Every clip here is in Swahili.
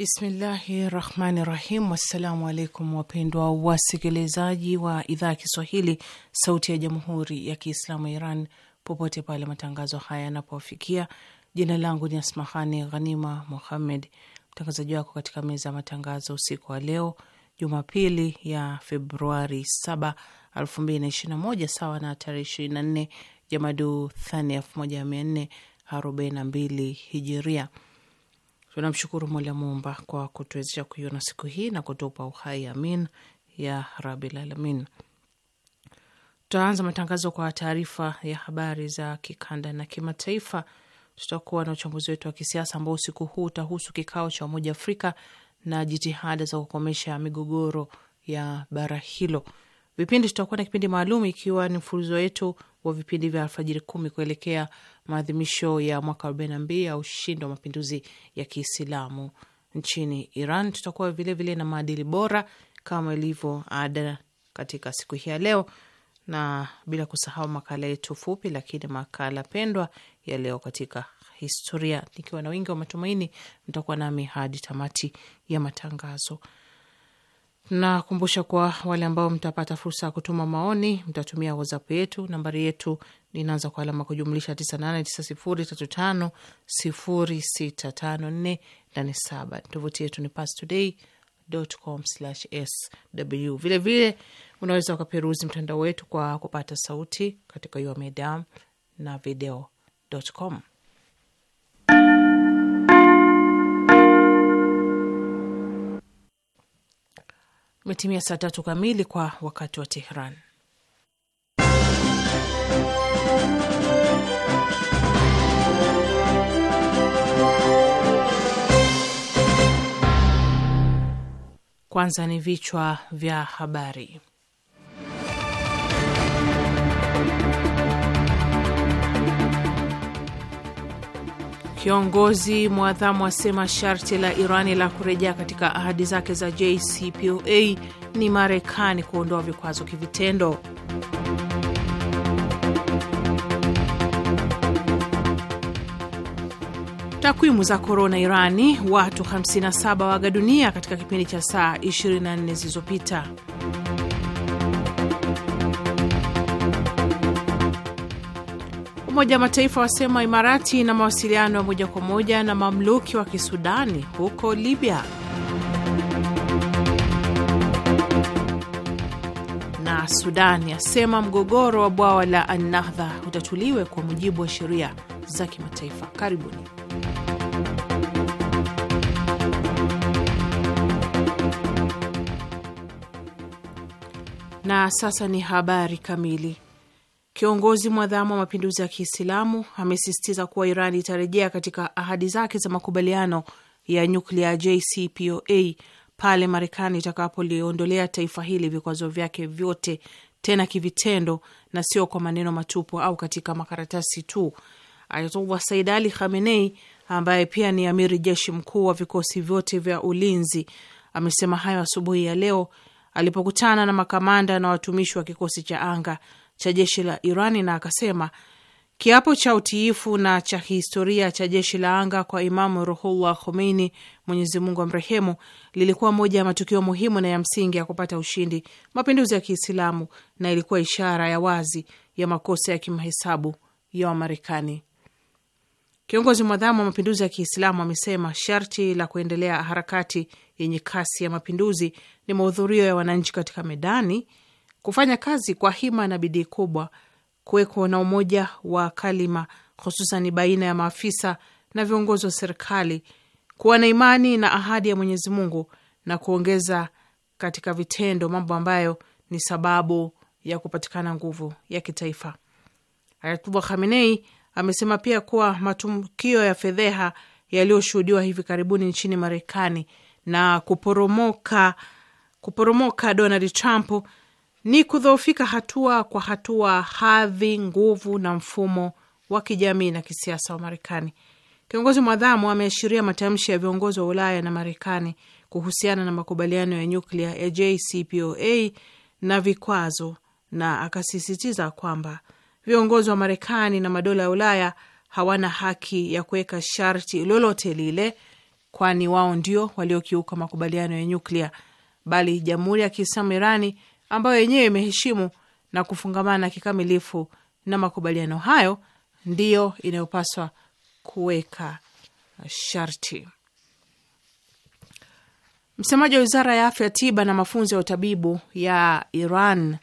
Bismillahi rahmani rahim. Wassalamu alaikum wapendwa wasikilizaji wa idhaa ya Kiswahili sauti ya jamhuri ya Kiislamu ya Iran popote pale matangazo haya yanapofikia. Jina langu ni Asmahani Ghanima Muhammed, mtangazaji wako katika meza ya matangazo usiku wa leo Jumapili ya Februari 7, 2021 sawa na tarehe 24 Jamadu Thani 1442 Hijiria. Tunamshukuru Mola Muumba kwa kutuwezesha kuiona siku hii na kutupa uhai, amin ya rabil alamin. Tutaanza matangazo kwa taarifa ya habari za kikanda na kimataifa. Tutakuwa na uchambuzi wetu wa kisiasa ambao usiku huu utahusu kikao cha Umoja Afrika na jitihada za kukomesha migogoro ya bara hilo. Vipindi tutakuwa na kipindi maalum ikiwa ni mfululizo wetu wa vipindi vya alfajiri kumi kuelekea maadhimisho ya mwaka arobaini na mbili ya ushindi wa mapinduzi ya Kiislamu nchini Iran. Tutakuwa vilevile vile na maadili bora kama ilivyo ada katika siku hii ya leo, na bila kusahau makala yetu fupi lakini makala pendwa ya leo katika historia. Nikiwa na wingi wa matumaini, mtakuwa nami hadi tamati ya matangazo. Nakumbusha kwa wale ambao mtapata fursa ya kutuma maoni, mtatumia WhatsApp yetu. Nambari yetu inaanza kwa alama kujumlisha 989035065487. Tovuti yetu ni pastoday.com/sw. Vilevile unaweza ukaperuzi mtandao wetu kwa kupata sauti katika yuamedam na video.com. Imetimia saa tatu kamili kwa wakati wa Tehran. Kwanza ni vichwa vya habari. Kiongozi mwadhamu asema sharti la Irani la kurejea katika ahadi zake za JCPOA ni Marekani kuondoa vikwazo kivitendo. Takwimu za korona Irani, watu 57 waaga dunia katika kipindi cha saa 24 zilizopita. Umoja wa Mataifa wasema Imarati ina mawasiliano ya moja kwa moja na mamluki wa Kisudani huko Libya. Na Sudan yasema mgogoro wa bwawa la Annahdha utatuliwe kwa mujibu wa sheria za kimataifa. Karibuni. Na sasa ni habari kamili. Kiongozi mwadhamu wa mapinduzi ya Kiislamu amesisitiza kuwa Iran itarejea katika ahadi zake za makubaliano ya nyuklia JCPOA pale Marekani itakapoliondolea taifa hili vikwazo vyake vyote, tena kivitendo na sio kwa maneno matupu au katika makaratasi tu. Ayatullah Said Ali Khamenei, ambaye pia ni amiri jeshi mkuu wa vikosi vyote vya ulinzi, amesema hayo asubuhi ya leo alipokutana na makamanda na watumishi wa kikosi cha anga cha jeshi la Irani na akasema kiapo cha utiifu na cha historia cha jeshi la anga kwa Imamu Ruhullah Khomeini, Mwenyezi Mungu amrehemu, lilikuwa moja ya matukio muhimu na ya msingi ya kupata ushindi mapinduzi ya Kiislamu na ilikuwa ishara ya wazi ya makosa ya kimahesabu ya Wamarekani. Kiongozi mwadhamu wa mapinduzi ya Kiislamu amesema sharti la kuendelea harakati yenye kasi ya mapinduzi ni mahudhurio ya wananchi katika medani kufanya kazi kwa hima na bidii kubwa, kuweko na umoja wa kalima, hususan baina ya maafisa na viongozi wa serikali, kuwa na imani na ahadi ya Mwenyezi Mungu na kuongeza katika vitendo mambo ambayo ni sababu ya kupatikana nguvu ya kitaifa. Ayatullah Khamenei amesema pia kuwa matukio ya fedheha yaliyoshuhudiwa hivi karibuni nchini Marekani na kuporomoka kuporomoka Donald Trump ni kudhoofika hatua kwa hatua hadhi, nguvu na mfumo wa kijamii na kisiasa wa Marekani. Kiongozi mwadhamu ameashiria matamshi ya viongozi wa Ulaya na Marekani kuhusiana na makubaliano ya nyuklia ya JCPOA na vikwazo, na akasisitiza kwamba viongozi wa Marekani na madola ya Ulaya hawana haki ya kuweka sharti lolote lile, kwani wao ndio waliokiuka makubaliano ya nyuklia, bali Jamhuri ya Kiislamu Irani ambayo yenyewe imeheshimu na kufungamana kikamilifu na makubaliano hayo, ndiyo inayopaswa kuweka sharti. Msemaji wa wizara ya afya, tiba na mafunzo ya utabibu ya Iran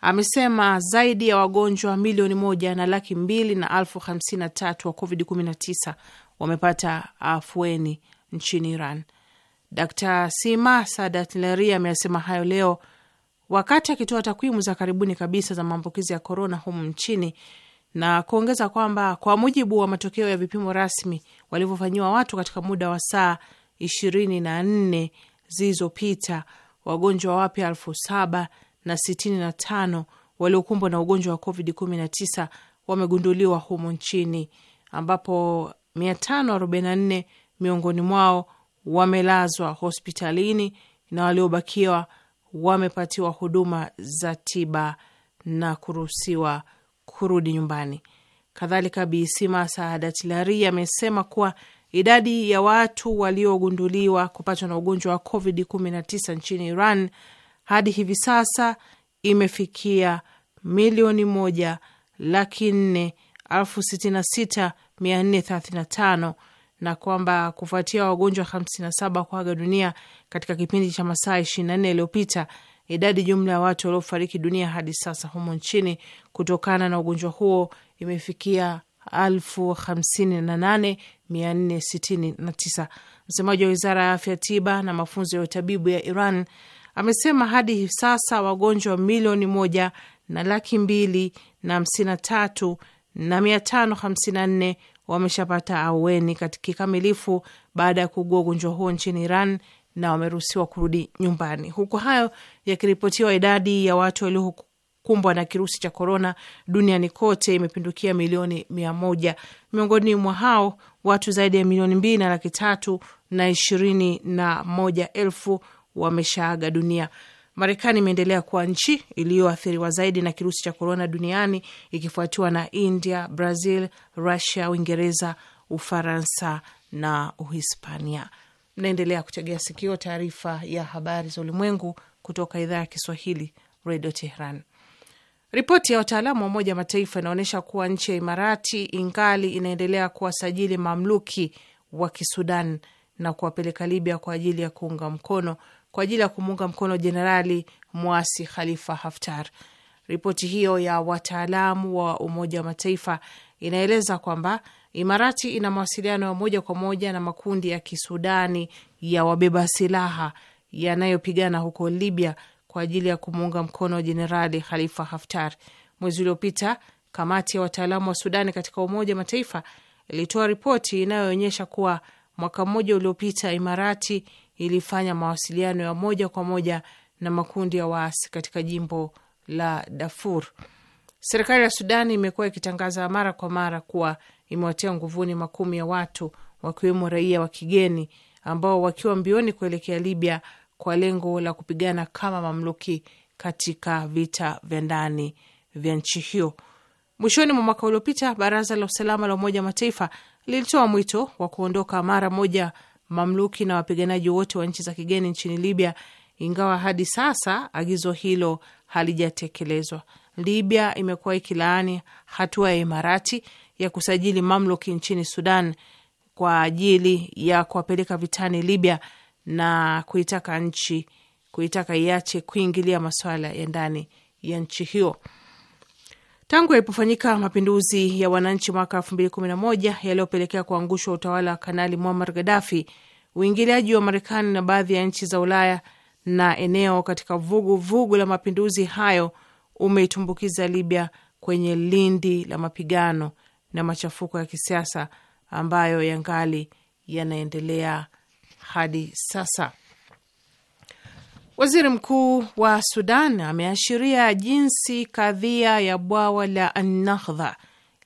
amesema zaidi ya wagonjwa milioni moja na laki mbili na alfu hamsini na tatu wa Covid 19 wamepata afueni nchini Iran. Dkt Sima Sadatleri amesema hayo leo wakati akitoa takwimu za karibuni kabisa za maambukizi ya korona humu nchini na kuongeza kwamba kwa mujibu wa matokeo ya vipimo rasmi walivyofanyiwa watu katika muda wa saa ishirini na nne zilizopita wagonjwa wapya elfu saba na sitini na tano waliokumbwa na ugonjwa wa Covid 19 wamegunduliwa humu nchini ambapo 544 miongoni mwao wamelazwa hospitalini na waliobakiwa wamepatiwa huduma za tiba na kuruhusiwa kurudi nyumbani. Kadhalika, Bisima Saadat Lari amesema kuwa idadi ya watu waliogunduliwa kupatwa na ugonjwa wa Covid 19 nchini Iran hadi hivi sasa imefikia milioni moja laki nne elfu sitini na sita mia nne thelathini na tano na kwamba kufuatia wagonjwa 57 kuaga dunia katika kipindi cha masaa 24 yaliyopita, idadi jumla ya watu waliofariki dunia hadi sasa humo nchini kutokana na ugonjwa huo imefikia 58469. Msemaji wa wizara ya afya, tiba na mafunzo ya utabibu ya Iran amesema hadi hivi sasa wagonjwa milioni moja na laki mbili na hamsini na tatu na mia tano hamsini na nne wameshapata aweni kikamilifu baada ya kuugua ugonjwa huo nchini Iran na wameruhusiwa kurudi nyumbani. Huku hayo yakiripotiwa, idadi ya watu waliokumbwa na kirusi cha korona duniani kote imepindukia milioni mia moja. Miongoni mwa hao watu zaidi ya milioni mbili na laki tatu na ishirini na moja elfu wameshaaga dunia. Marekani imeendelea kuwa nchi iliyoathiriwa zaidi na kirusi cha korona duniani ikifuatiwa na India, Brazil, Rusia, Uingereza, Ufaransa na Uhispania. Mnaendelea kutegea sikio taarifa ya habari za ulimwengu kutoka idhaa ya Kiswahili, Redio Tehran. Ripoti ya wataalamu wa Umoja Mataifa inaonyesha kuwa nchi ya Imarati ingali inaendelea kuwasajili mamluki wa Kisudan na kuwapeleka Libya kwa ajili ya kuunga mkono kwa ajili ya kumuunga mkono jenerali mwasi Khalifa Haftar. Ripoti hiyo ya wataalamu wa Umoja wa Mataifa inaeleza kwamba Imarati ina mawasiliano ya moja kwa moja na makundi ya kisudani ya wabeba silaha yanayopigana huko Libya kwa ajili ya kumuunga mkono jenerali Khalifa Haftar. Mwezi uliopita kamati ya wataalamu wa Sudani katika Umoja wa Mataifa ilitoa ripoti inayoonyesha kuwa mwaka mmoja uliopita Imarati ilifanya mawasiliano ya moja kwa moja na makundi ya waasi katika jimbo la Darfur. Serikali ya sudan imekuwa ikitangaza mara kwa mara kuwa imewatia nguvuni makumi ya watu wakiwemo raia wa kigeni ambao wakiwa mbioni kuelekea Libya kwa lengo la kupigana kama mamluki katika vita vya ndani vya nchi hiyo. Mwishoni mwa mwaka uliopita, baraza la usalama la Umoja wa Mataifa lilitoa mwito wa kuondoka mara moja mamluki na wapiganaji wote wa nchi za kigeni nchini Libya, ingawa hadi sasa agizo hilo halijatekelezwa. Libya imekuwa ikilaani hatua ya Imarati ya kusajili mamluki nchini Sudan kwa ajili ya kuwapeleka vitani Libya na kuitaka nchi kuitaka iache kuingilia masuala ya ndani ya nchi hiyo. Tangu yalipofanyika mapinduzi ya wananchi mwaka elfu mbili kumi na moja yaliyopelekea kuangushwa utawala wa Kanali Muammar Gaddafi, uingiliaji wa Marekani na baadhi ya nchi za Ulaya na eneo katika vuguvugu vugu la mapinduzi hayo umeitumbukiza Libya kwenye lindi la mapigano na machafuko ya kisiasa ambayo yangali yanaendelea hadi sasa. Waziri mkuu wa Sudan ameashiria jinsi kadhia ya bwawa la Annahdha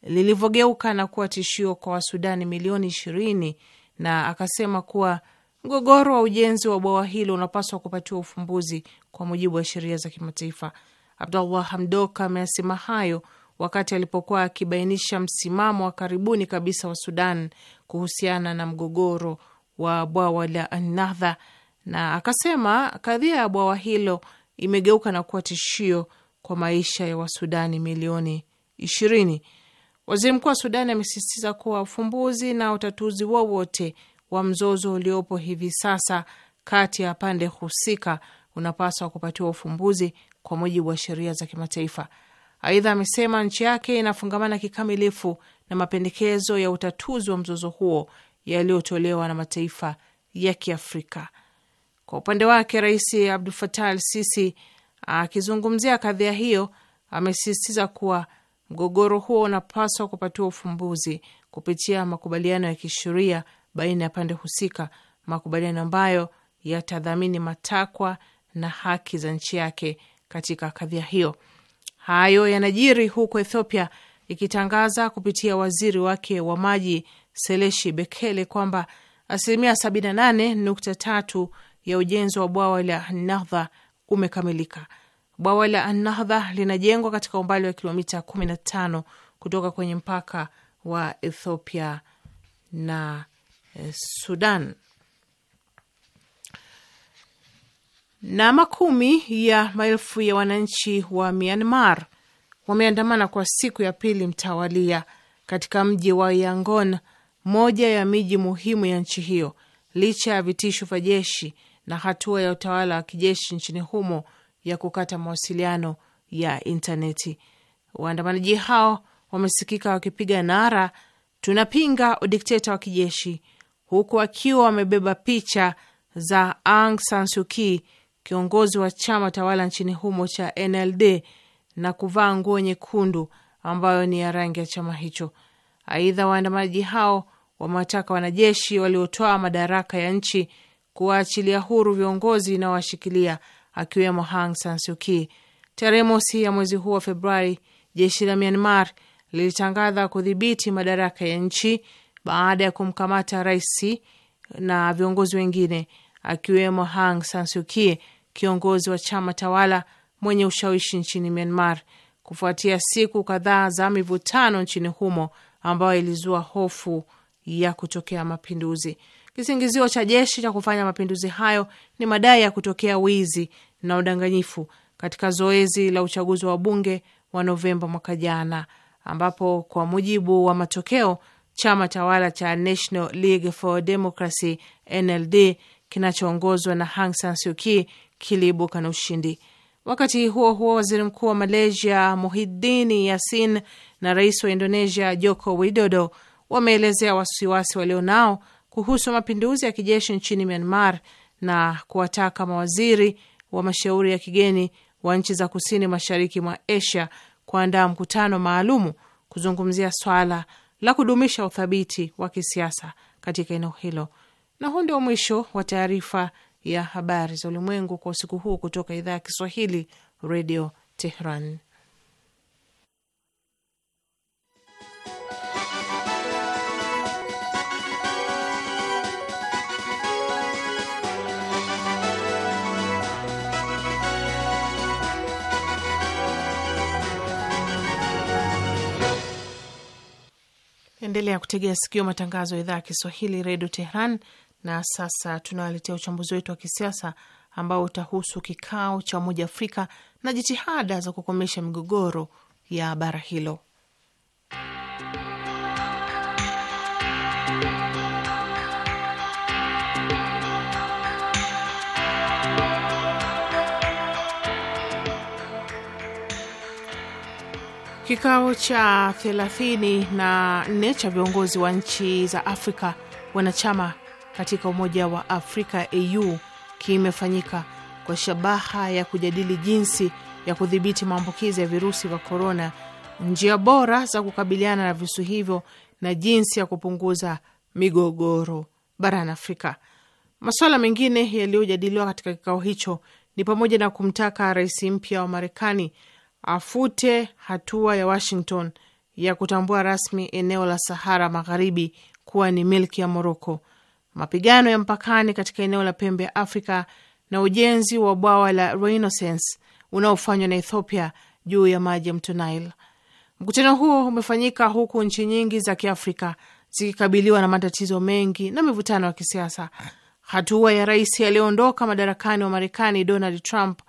lilivyogeuka na kuwa tishio kwa Wasudani milioni ishirini na akasema kuwa mgogoro wa ujenzi wa bwawa hilo unapaswa kupatiwa ufumbuzi kwa mujibu wa sheria za kimataifa. Abdullah Hamdok ameasema hayo wakati alipokuwa akibainisha msimamo wa karibuni kabisa wa Sudan kuhusiana na mgogoro wa bwawa la Annahdha na akasema kadhia ya bwawa hilo imegeuka na kuwa tishio kwa maisha ya Wasudani milioni ishirini. Waziri mkuu wa Sudani amesisitiza kuwa ufumbuzi na utatuzi wowote wa, wa mzozo uliopo hivi sasa kati ya pande husika unapaswa kupatiwa ufumbuzi kwa mujibu wa sheria za kimataifa. Aidha, amesema nchi yake inafungamana kikamilifu na mapendekezo ya utatuzi wa mzozo huo yaliyotolewa na mataifa ya Kiafrika. Kwa upande wake, Rais Abdul Fatah Al Sisi ah, akizungumzia kadhia hiyo amesisitiza kuwa mgogoro huo unapaswa kupatiwa ufumbuzi kupitia makubaliano ya kisheria baina ya pande husika, makubaliano ambayo yatadhamini matakwa na haki za nchi yake katika kadhia hiyo. Hayo yanajiri huku Ethiopia ikitangaza kupitia waziri wake wa maji Seleshi Bekele kwamba asilimia tatu ya ujenzi wa bwawa la Nahdha umekamilika. Bwawa la Nahdha linajengwa katika umbali wa kilomita 15 kutoka kwenye mpaka wa Ethiopia na eh, Sudan. Na makumi ya maelfu ya wananchi wa Myanmar wameandamana kwa siku ya pili mtawalia katika mji wa Yangon, moja ya miji muhimu ya nchi hiyo, licha ya vitisho vya jeshi na hatua ya utawala wa kijeshi nchini humo ya kukata mawasiliano ya intaneti. Waandamanaji hao wamesikika wakipiga nara, tunapinga udikteta wa kijeshi, huku wakiwa wamebeba picha za Aung San Suu Kyi, kiongozi wa chama tawala nchini humo cha NLD, na kuvaa nguo nyekundu ambayo ni ya rangi ya chama hicho. Aidha, waandamanaji hao wamewataka wanajeshi waliotoa madaraka ya nchi kuwaachilia huru viongozi inaowashikilia akiwemo Aung San Suu Kyi. Tarehe mosi ya mwezi huu wa Februari, jeshi la Myanmar lilitangaza kudhibiti madaraka ya nchi baada ya kumkamata rais na viongozi wengine akiwemo Aung San Suu Kyi, kiongozi wa chama tawala mwenye ushawishi nchini Myanmar, kufuatia siku kadhaa za mivutano nchini humo ambayo ilizua hofu ya kutokea mapinduzi. Kisingizio cha jeshi cha kufanya mapinduzi hayo ni madai ya kutokea wizi na udanganyifu katika zoezi la uchaguzi wa bunge wa Novemba mwaka jana, ambapo kwa mujibu wa matokeo chama tawala cha National League for Democracy NLD kinachoongozwa na Aung San Suu Kyi kiliibuka na ushindi. Wakati huo huo, waziri mkuu wa Malaysia Muhyiddin Yassin na rais wa Indonesia Joko Widodo wameelezea wasiwasi walionao kuhusu mapinduzi ya kijeshi nchini Myanmar na kuwataka mawaziri wa mashauri ya kigeni wa nchi za kusini mashariki mwa Asia kuandaa mkutano maalumu kuzungumzia swala la kudumisha uthabiti wa kisiasa katika eneo hilo. Na huu ndio mwisho wa taarifa ya habari za ulimwengu kwa usiku huu kutoka idhaa ya Kiswahili, Redio Tehran. Endelea kutegea sikio matangazo ya idhaa ya Kiswahili redio Tehran. Na sasa tunawaletea uchambuzi wetu wa kisiasa ambao utahusu kikao cha Umoja Afrika na jitihada za kukomesha migogoro ya bara hilo. Kikao cha 34 cha viongozi wa nchi za Afrika wanachama katika Umoja wa Afrika AU kimefanyika kwa shabaha ya kujadili jinsi ya kudhibiti maambukizi ya virusi vya korona, njia bora za kukabiliana na virusi hivyo na jinsi ya kupunguza migogoro barani Afrika. Masuala mengine yaliyojadiliwa katika kikao hicho ni pamoja na kumtaka rais mpya wa Marekani afute hatua ya Washington ya kutambua rasmi eneo la Sahara Magharibi kuwa ni milki ya Moroko, mapigano ya mpakani katika eneo la pembe ya Afrika na ujenzi wa bwawa la Renaissance unaofanywa na Ethiopia juu ya maji ya mto Nile. Mkutano huo umefanyika huku nchi nyingi za Kiafrika zikikabiliwa na matatizo mengi na mivutano ya kisiasa. Hatua ya rais aliyeondoka madarakani wa Marekani Donald Trump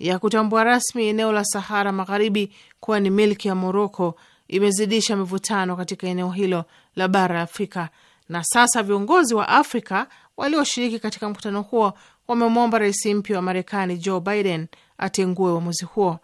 ya kutambua rasmi eneo la Sahara Magharibi kuwa ni milki ya Moroko imezidisha mivutano katika eneo hilo la bara la Afrika, na sasa viongozi wa Afrika walioshiriki katika mkutano huo wamemwomba rais mpya wa Marekani Joe Biden atengue uamuzi huo.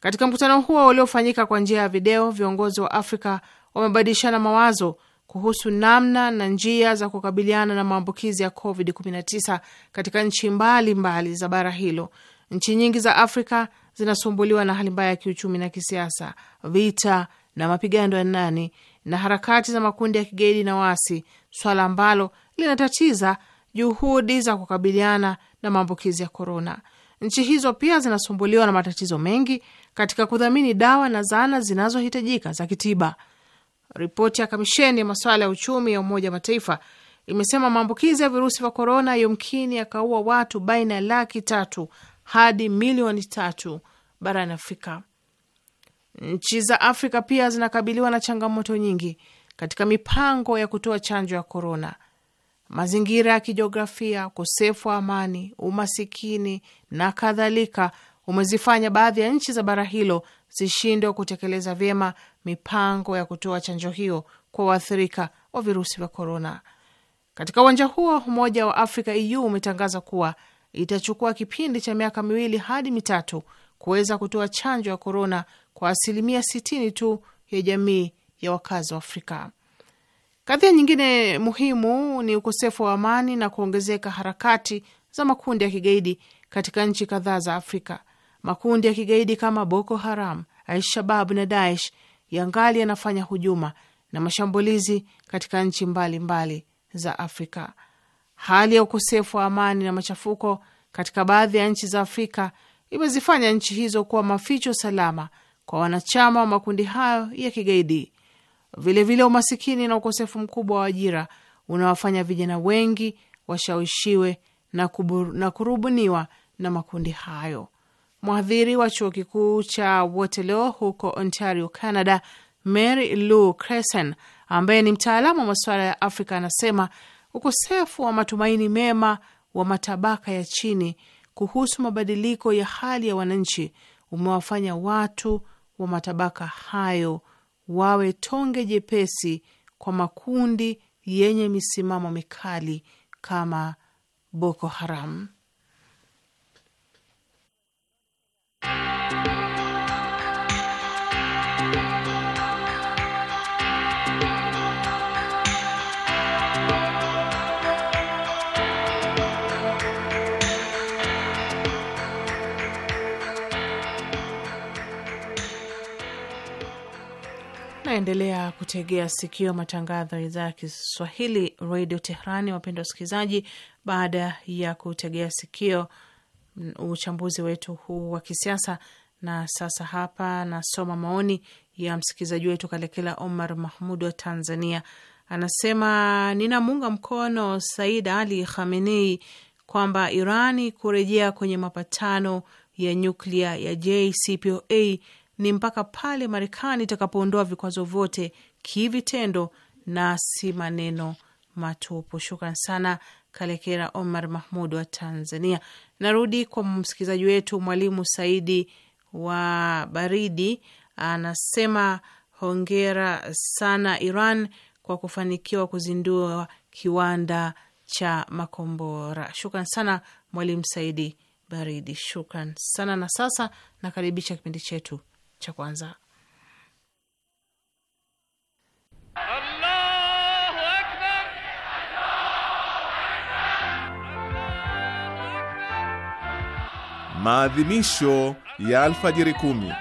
Katika mkutano huo uliofanyika kwa njia ya video, viongozi wa Afrika wamebadilishana mawazo kuhusu namna na njia za kukabiliana na maambukizi ya COVID-19 katika nchi mbalimbali mbali za bara hilo Nchi nyingi za Afrika zinasumbuliwa na hali mbaya ya kiuchumi na kisiasa, vita na mapigano ya ndani na harakati za makundi ya kigaidi na wasi, swala ambalo linatatiza juhudi za kukabiliana na maambukizi ya korona. Nchi hizo pia zinasumbuliwa na matatizo mengi katika kudhamini dawa na zana zinazohitajika za kitiba. Ripoti ya kamisheni ya masuala ya uchumi ya Umoja wa Mataifa imesema maambukizi ya virusi vya korona yumkini yakaua watu baina ya laki tatu hadi milioni tatu barani Afrika. Nchi za Afrika pia zinakabiliwa na changamoto nyingi katika mipango ya kutoa chanjo ya korona. Mazingira ya kijiografia, ukosefu wa amani, umasikini na kadhalika umezifanya baadhi ya nchi za bara hilo zishindwe kutekeleza vyema mipango ya kutoa chanjo hiyo kwa waathirika wa virusi vya korona. Katika uwanja huo, Umoja wa Afrika EU umetangaza kuwa itachukua kipindi cha miaka miwili hadi mitatu kuweza kutoa chanjo ya korona kwa asilimia sitini tu ya jamii ya wakazi wa Afrika. Kadhia nyingine muhimu ni ukosefu wa amani na kuongezeka harakati za makundi ya kigaidi katika nchi kadhaa za Afrika. Makundi ya kigaidi kama Boko Haram, Alshabab na Daesh yangali yanafanya hujuma na mashambulizi katika nchi mbalimbali mbali za Afrika. Hali ya ukosefu wa amani na machafuko katika baadhi ya nchi za Afrika imezifanya nchi hizo kuwa maficho salama kwa wanachama wa makundi hayo ya kigaidi. Vilevile vile umasikini na ukosefu mkubwa wa ajira unawafanya vijana wengi washawishiwe na, na kurubuniwa na makundi hayo. Mwadhiri wa chuo kikuu cha Waterloo huko Ontario, Canada, Mary Lou Cresen ambaye ni mtaalamu wa masuala ya Afrika anasema ukosefu wa matumaini mema wa matabaka ya chini kuhusu mabadiliko ya hali ya wananchi umewafanya watu wa matabaka hayo wawe tonge jepesi kwa makundi yenye misimamo mikali kama Boko Haram. Naendelea kutegea sikio matangazo ya idhaa ya Kiswahili redio Tehrani. Wapendwa wasikilizaji, baada ya kutegea sikio uchambuzi wetu huu wa kisiasa, na sasa hapa nasoma maoni ya msikilizaji wetu Kalekela Omar Mahmud wa Tanzania. Anasema ninamuunga mkono Said Ali Khamenei kwamba Irani kurejea kwenye mapatano ya nyuklia ya JCPOA ni mpaka pale Marekani itakapoondoa vikwazo vyote kivitendo na si maneno matupu. Shukran sana Kalekera Omar Mahmud wa Tanzania. Narudi kwa msikilizaji wetu Mwalimu Saidi wa Baridi, anasema hongera sana Iran kwa kufanikiwa kuzindua kiwanda cha makombora. Shukran sana Mwalimu Saidi Baridi, shukran sana. Na sasa nakaribisha kipindi chetu cha kwanza. Maadhimisho ya alfajiri kumi.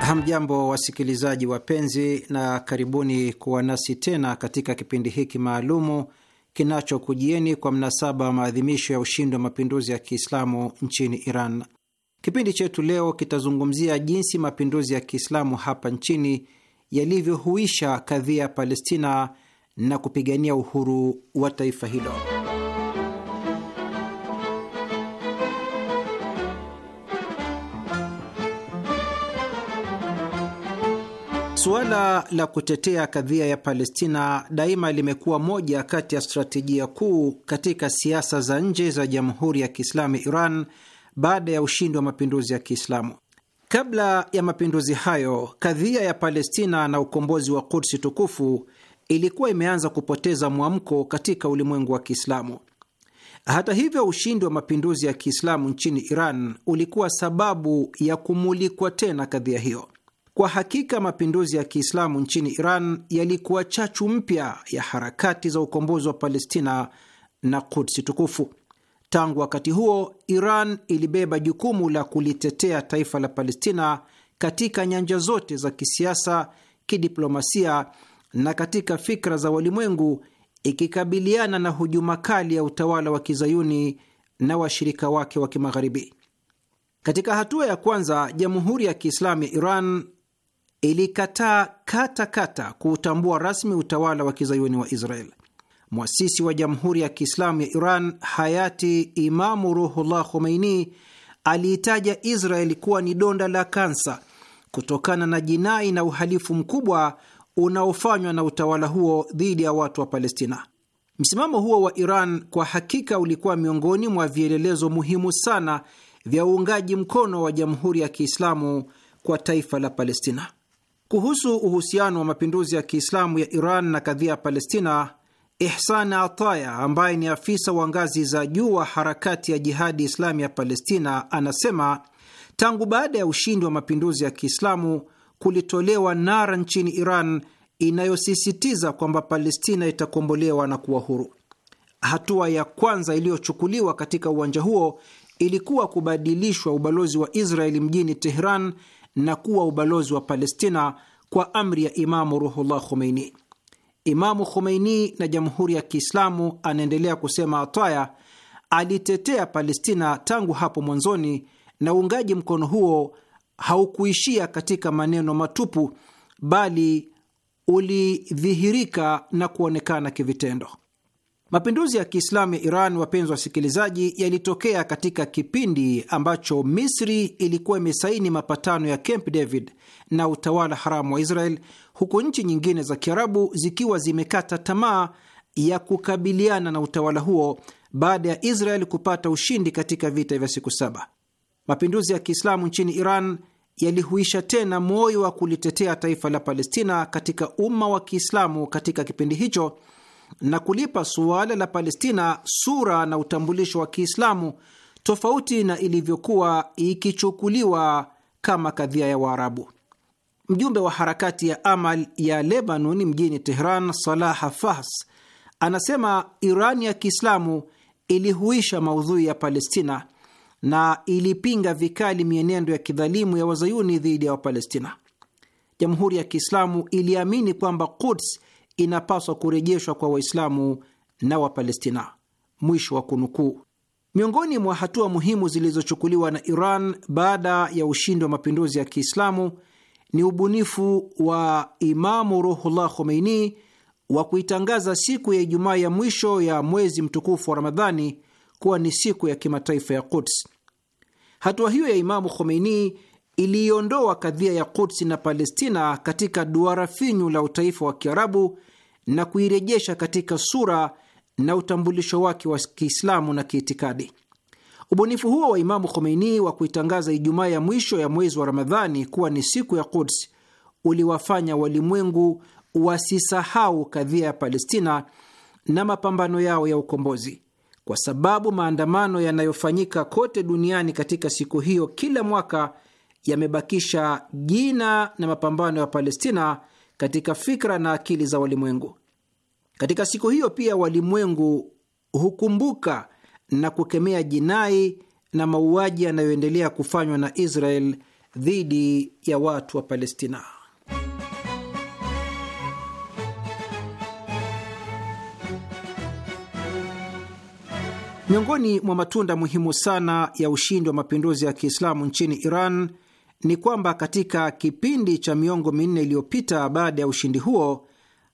Hamjambo wasikilizaji wapenzi, na karibuni kuwa nasi tena katika kipindi hiki maalumu kinachokujieni kwa mnasaba wa maadhimisho ya ushindi wa mapinduzi ya Kiislamu nchini Iran. Kipindi chetu leo kitazungumzia jinsi mapinduzi ya Kiislamu hapa nchini yalivyohuisha kadhia ya Palestina na kupigania uhuru wa taifa hilo. Suala la kutetea kadhia ya Palestina daima limekuwa moja kati ya stratejia kuu katika siasa za nje za Jamhuri ya Kiislamu Iran baada ya ushindi wa mapinduzi ya Kiislamu. Kabla ya mapinduzi hayo, kadhia ya Palestina na ukombozi wa Kudsi tukufu ilikuwa imeanza kupoteza mwamko katika ulimwengu wa Kiislamu. Hata hivyo, ushindi wa mapinduzi ya Kiislamu nchini Iran ulikuwa sababu ya kumulikwa tena kadhia hiyo. Kwa hakika mapinduzi ya Kiislamu nchini Iran yalikuwa chachu mpya ya harakati za ukombozi wa Palestina na Kudsi tukufu. Tangu wakati huo, Iran ilibeba jukumu la kulitetea taifa la Palestina katika nyanja zote za kisiasa, kidiplomasia na katika fikra za walimwengu, ikikabiliana na hujuma kali ya utawala wa kizayuni na washirika wake wa kimagharibi. Katika hatua ya kwanza, Jamhuri ya Kiislamu ya Iran ilikataa kata kata kuutambua rasmi utawala wa kizayuni wa Israel. Mwasisi wa Jamhuri ya Kiislamu ya Iran hayati Imamu Ruhullah Khomeini aliitaja Israeli kuwa ni donda la kansa kutokana na jinai na uhalifu mkubwa unaofanywa na utawala huo dhidi ya watu wa Palestina. Msimamo huo wa Iran kwa hakika ulikuwa miongoni mwa vielelezo muhimu sana vya uungaji mkono wa Jamhuri ya Kiislamu kwa taifa la Palestina. Kuhusu uhusiano wa mapinduzi ya Kiislamu ya Iran na kadhia ya Palestina, Ihsan Ataya ambaye ni afisa wa ngazi za juu wa harakati ya Jihadi Islami ya Palestina anasema tangu baada ya ushindi wa mapinduzi ya Kiislamu kulitolewa nara nchini Iran inayosisitiza kwamba Palestina itakombolewa na kuwa huru. Hatua ya kwanza iliyochukuliwa katika uwanja huo ilikuwa kubadilishwa ubalozi wa Israeli mjini Teheran na kuwa ubalozi wa Palestina kwa amri ya Imamu Ruhullah Khomeini. Imamu Khomeini na Jamhuri ya Kiislamu, anaendelea kusema Ataya, alitetea Palestina tangu hapo mwanzoni, na uungaji mkono huo haukuishia katika maneno matupu, bali ulidhihirika na kuonekana kivitendo. Mapinduzi ya Kiislamu ya Iran, wapenzi wasikilizaji, yalitokea katika kipindi ambacho Misri ilikuwa imesaini mapatano ya Camp David na utawala haramu wa Israel, huku nchi nyingine za Kiarabu zikiwa zimekata tamaa ya kukabiliana na utawala huo baada ya Israel kupata ushindi katika vita vya siku saba. Mapinduzi ya Kiislamu nchini Iran yalihuisha tena moyo wa kulitetea taifa la Palestina katika umma wa Kiislamu katika kipindi hicho na kulipa suala la Palestina sura na utambulisho wa Kiislamu, tofauti na ilivyokuwa ikichukuliwa kama kadhia ya Waarabu. Mjumbe wa harakati ya Amal ya Lebanon mjini Tehran, Salah Fas, anasema Iran ya Kiislamu ilihuisha maudhui ya Palestina na ilipinga vikali mienendo ya kidhalimu ya wazayuni dhidi ya Wapalestina. Jamhuri ya Kiislamu iliamini kwamba Quds inapaswa kurejeshwa kwa Waislamu na Wapalestina. Mwisho wa kunukuu. Miongoni mwa hatua muhimu zilizochukuliwa na Iran baada ya ushindi wa mapinduzi ya Kiislamu ni ubunifu wa Imamu Ruhullah Khomeini wa kuitangaza siku ya Ijumaa ya mwisho ya mwezi mtukufu wa Ramadhani kuwa ni siku ya kimataifa ya Quds. Hatua hiyo ya Imamu Khomeini iliiondoa kadhia ya Quds na Palestina katika duara finyu la utaifa wa Kiarabu na kuirejesha katika sura na utambulisho wake wa Kiislamu na kiitikadi. Ubunifu huo wa Imamu Khomeini wa kuitangaza Ijumaa ya mwisho ya mwezi wa Ramadhani kuwa ni siku ya Quds uliwafanya walimwengu wasisahau kadhia ya Palestina na mapambano yao ya ukombozi, kwa sababu maandamano yanayofanyika kote duniani katika siku hiyo kila mwaka yamebakisha jina na mapambano ya Palestina katika fikra na akili za walimwengu. Katika siku hiyo pia walimwengu hukumbuka na kukemea jinai na mauaji yanayoendelea kufanywa na Israel dhidi ya watu wa Palestina. Miongoni mwa matunda muhimu sana ya ushindi wa mapinduzi ya Kiislamu nchini Iran ni kwamba katika kipindi cha miongo minne iliyopita baada ya ushindi huo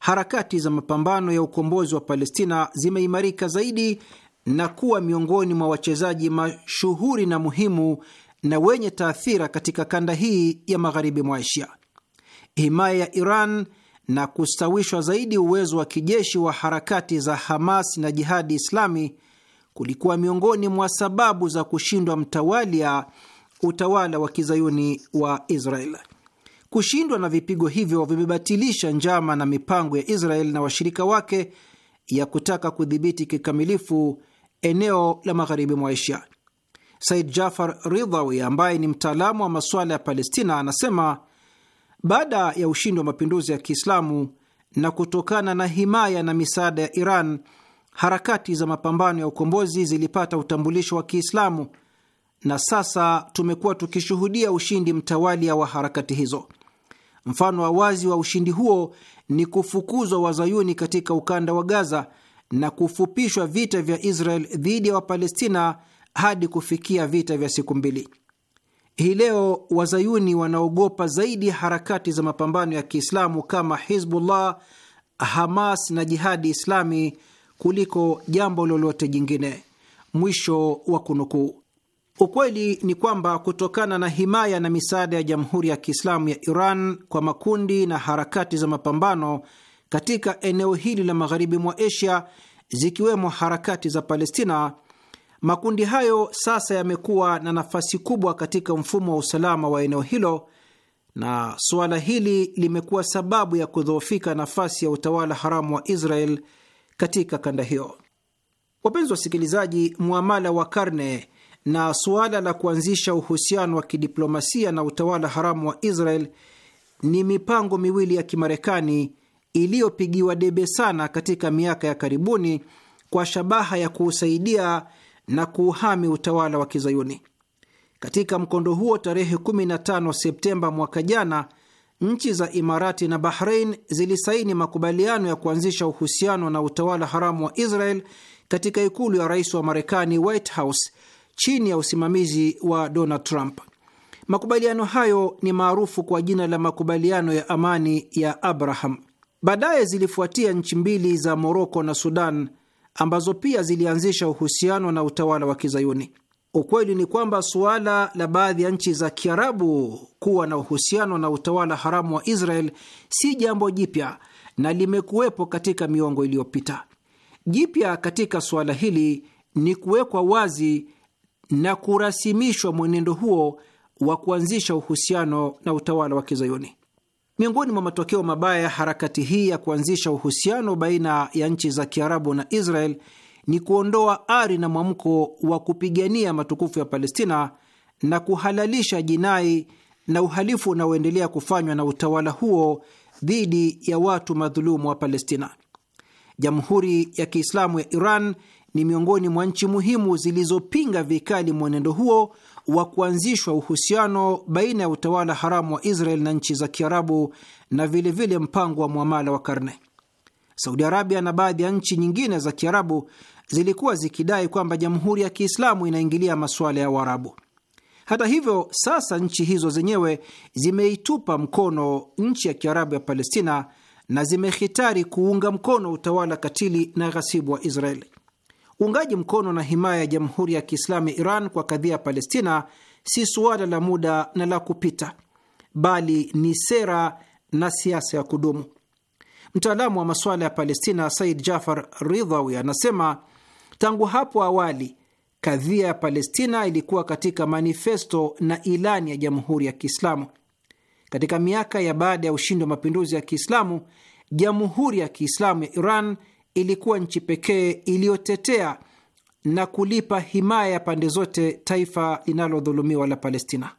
harakati za mapambano ya ukombozi wa Palestina zimeimarika zaidi na kuwa miongoni mwa wachezaji mashuhuri na muhimu na wenye taathira katika kanda hii ya magharibi mwa Asia. Himaya ya Iran na kustawishwa zaidi uwezo wa kijeshi wa harakati za Hamas na Jihadi Islami kulikuwa miongoni mwa sababu za kushindwa mtawalia utawala wa kizayuni wa Israel. Kushindwa na vipigo hivyo vimebatilisha njama na mipango ya Israel na washirika wake ya kutaka kudhibiti kikamilifu eneo la magharibi mwa Asia. Said Jafar Ridhawi ambaye ni mtaalamu wa masuala ya Palestina anasema baada ya ushindi wa mapinduzi ya Kiislamu na kutokana na himaya na misaada ya Iran, harakati za mapambano ya ukombozi zilipata utambulisho wa Kiislamu na sasa tumekuwa tukishuhudia ushindi mtawalia wa harakati hizo. Mfano wa wazi wa ushindi huo ni kufukuzwa wazayuni katika ukanda wa Gaza na kufupishwa vita vya Israel dhidi ya Wapalestina hadi kufikia vita vya siku mbili. Hii leo wazayuni wanaogopa zaidi harakati za mapambano ya Kiislamu kama Hizbullah, Hamas na Jihadi Islami kuliko jambo lolote jingine. Mwisho wa kunukuu. Ukweli ni kwamba kutokana na himaya na misaada ya Jamhuri ya Kiislamu ya Iran kwa makundi na harakati za mapambano katika eneo hili la magharibi mwa Asia, zikiwemo harakati za Palestina, makundi hayo sasa yamekuwa na nafasi kubwa katika mfumo wa usalama wa eneo hilo, na suala hili limekuwa sababu ya kudhoofika nafasi ya utawala haramu wa Israel katika kanda hiyo. Wapenzi wasikilizaji, muamala wa karne na suala la kuanzisha uhusiano wa kidiplomasia na utawala haramu wa Israel ni mipango miwili ya Kimarekani iliyopigiwa debe sana katika miaka ya karibuni kwa shabaha ya kuusaidia na kuuhami utawala wa Kizayuni. Katika mkondo huo, tarehe 15 Septemba mwaka jana, nchi za Imarati na Bahrain zilisaini makubaliano ya kuanzisha uhusiano na utawala haramu wa Israel katika ikulu ya rais wa Marekani, White House chini ya usimamizi wa Donald Trump. Makubaliano hayo ni maarufu kwa jina la makubaliano ya amani ya Abraham. Baadaye zilifuatia nchi mbili za Moroko na Sudan ambazo pia zilianzisha uhusiano na utawala wa Kizayuni. Ukweli ni kwamba suala la baadhi ya nchi za Kiarabu kuwa na uhusiano na utawala haramu wa Israel si jambo jipya na limekuwepo katika miongo iliyopita. Jipya katika suala hili ni kuwekwa wazi na kurasimishwa mwenendo huo wa kuanzisha uhusiano na utawala wa Kizayuni. Miongoni mwa matokeo mabaya ya harakati hii ya kuanzisha uhusiano baina ya nchi za Kiarabu na Israel ni kuondoa ari na mwamko wa kupigania matukufu ya Palestina na kuhalalisha jinai na uhalifu unaoendelea kufanywa na utawala huo dhidi ya watu madhulumu wa Palestina. Jamhuri ya Kiislamu ya Iran ni miongoni mwa nchi muhimu zilizopinga vikali mwenendo huo wa kuanzishwa uhusiano baina ya utawala haramu wa Israel na nchi za Kiarabu na vilevile vile mpango wa mwamala wa karne. Saudi Arabia na baadhi ya nchi nyingine za Kiarabu zilikuwa zikidai kwamba Jamhuri ya Kiislamu inaingilia masuala ya Uarabu. Hata hivyo, sasa nchi hizo zenyewe zimeitupa mkono nchi ya Kiarabu ya Palestina na zimehitari kuunga mkono utawala katili na ghasibu wa Israeli. Uungaji mkono na himaya ya Jamhuri ya Kiislamu ya Iran kwa kadhia ya Palestina si suala la muda na la kupita, bali ni sera na siasa ya kudumu. Mtaalamu wa masuala ya Palestina Said Jafar Ridhawi anasema tangu hapo awali kadhia ya Palestina ilikuwa katika manifesto na ilani ya Jamhuri ya Kiislamu. Katika miaka ya baada ya ushindi wa mapinduzi ya Kiislamu, Jamhuri ya Kiislamu ya Iran ilikuwa nchi pekee iliyotetea na kulipa himaya ya pande zote taifa linalodhulumiwa la Palestina.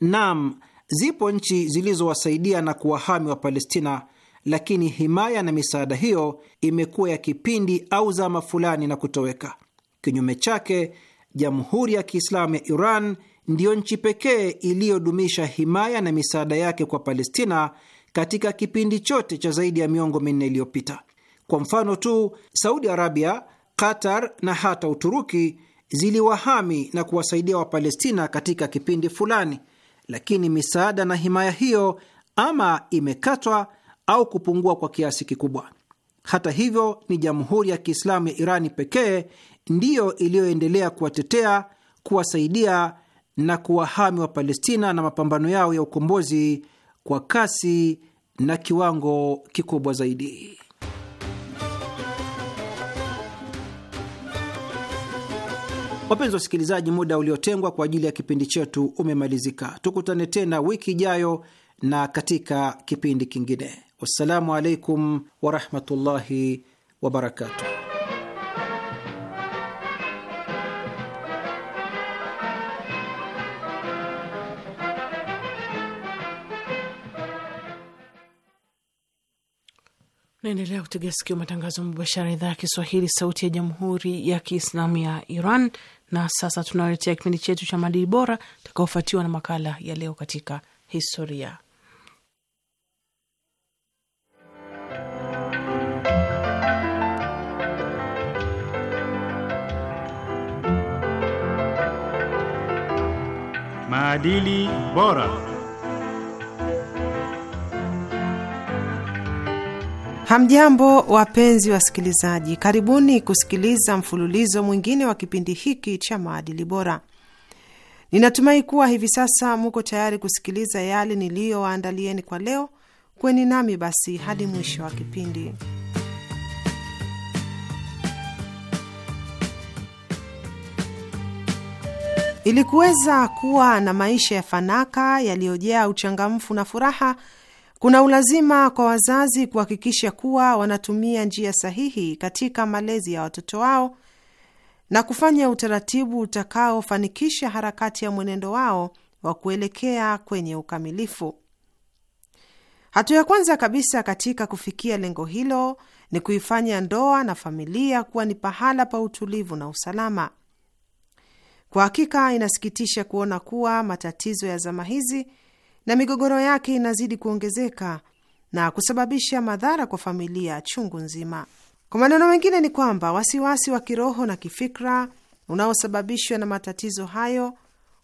Naam, zipo nchi zilizowasaidia na kuwahami wa Palestina, lakini himaya na misaada hiyo imekuwa ya kipindi au zama fulani na kutoweka. Kinyume chake, Jamhuri ya Kiislamu ya Iran ndiyo nchi pekee iliyodumisha himaya na misaada yake kwa Palestina katika kipindi chote cha zaidi ya miongo minne iliyopita. Kwa mfano tu, Saudi Arabia, Qatar na hata Uturuki ziliwahami na kuwasaidia Wapalestina katika kipindi fulani, lakini misaada na himaya hiyo ama imekatwa au kupungua kwa kiasi kikubwa. Hata hivyo, ni Jamhuri ya Kiislamu ya Irani pekee ndiyo iliyoendelea kuwatetea, kuwasaidia na kuwahami wa Palestina na mapambano yao ya ukombozi kwa kasi na kiwango kikubwa zaidi. Wapenzi wasikilizaji, muda uliotengwa kwa ajili ya kipindi chetu umemalizika. Tukutane tena wiki ijayo na katika kipindi kingine. Wassalamu alaikum warahmatullahi wabarakatuh. Naendelea kutega sikio matangazo mubashara, idhaa ya Kiswahili, sauti ya jamhuri ya kiislamu ya Iran. Na sasa tunaletea kipindi chetu cha maadili bora takaofuatiwa na makala ya leo katika historia. Maadili bora. Hamjambo, wapenzi wasikilizaji, karibuni kusikiliza mfululizo mwingine wa kipindi hiki cha maadili bora. Ninatumai kuwa hivi sasa muko tayari kusikiliza yale niliyowaandalieni kwa leo. Kweni nami basi hadi mwisho wa kipindi. Ili kuweza kuwa na maisha ya fanaka yaliyojaa uchangamfu na furaha kuna ulazima kwa wazazi kuhakikisha kuwa wanatumia njia sahihi katika malezi ya watoto wao na kufanya utaratibu utakaofanikisha harakati ya mwenendo wao wa kuelekea kwenye ukamilifu. Hatua ya kwanza kabisa katika kufikia lengo hilo ni kuifanya ndoa na familia kuwa ni pahala pa utulivu na usalama. Kwa hakika, inasikitisha kuona kuwa matatizo ya zama hizi na migogoro yake inazidi kuongezeka na kusababisha madhara kwa familia chungu nzima. Kwa maneno mengine, ni kwamba wasiwasi wa kiroho na kifikra unaosababishwa na matatizo hayo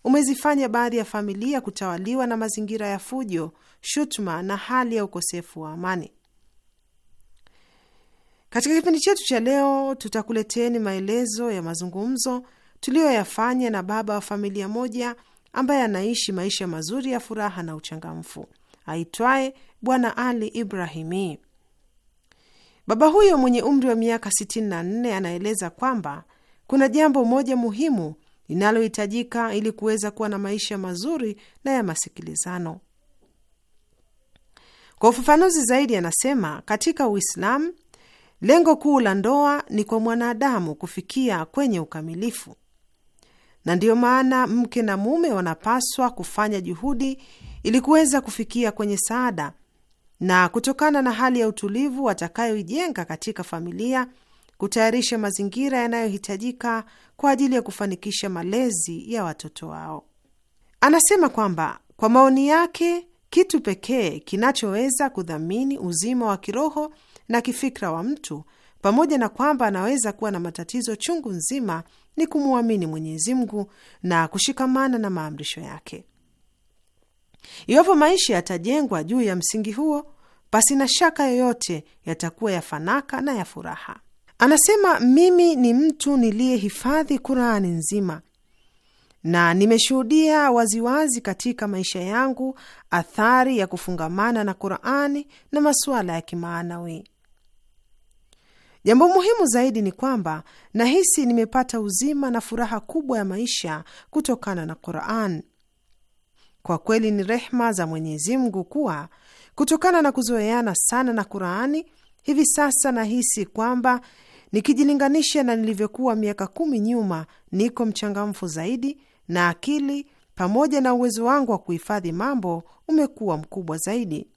umezifanya baadhi ya familia kutawaliwa na mazingira ya fujo, shutuma na hali ya ukosefu wa amani. Katika kipindi chetu cha leo, tutakuleteeni maelezo ya mazungumzo tuliyoyafanya na baba wa familia moja ambaye anaishi maisha mazuri ya furaha na uchangamfu aitwaye Bwana Ali Ibrahimi. Baba huyo mwenye umri wa miaka 64 anaeleza kwamba kuna jambo moja muhimu linalohitajika ili kuweza kuwa na maisha mazuri na ya masikilizano. Kwa ufafanuzi zaidi, anasema katika Uislamu lengo kuu la ndoa ni kwa mwanadamu kufikia kwenye ukamilifu, na ndiyo maana mke na mume wanapaswa kufanya juhudi ili kuweza kufikia kwenye saada, na kutokana na hali ya utulivu watakayoijenga katika familia, kutayarisha mazingira yanayohitajika kwa ajili ya kufanikisha malezi ya watoto wao. Anasema kwamba kwa maoni yake, kitu pekee kinachoweza kudhamini uzima wa kiroho na kifikra wa mtu pamoja na kwamba anaweza kuwa na matatizo chungu nzima, ni kumwamini Mwenyezi Mungu na kushikamana na maamrisho yake. Iwapo maisha yatajengwa juu ya msingi huo, na shaka yoyote yatakuwa ya fanaka na ya furaha. Anasema, mimi ni mtu niliyehifadhi Kurani nzima na nimeshuhudia waziwazi katika maisha yangu athari ya kufungamana na Qurani na masuala ya kimaanawi. Jambo muhimu zaidi ni kwamba nahisi nimepata uzima na furaha kubwa ya maisha kutokana na Quran. Kwa kweli ni rehma za Mwenyezi Mungu kuwa kutokana na kuzoeana sana na Qurani, hivi sasa nahisi kwamba nikijilinganisha na nilivyokuwa miaka kumi nyuma, niko mchangamfu zaidi na akili pamoja na uwezo wangu wa kuhifadhi mambo umekuwa mkubwa zaidi.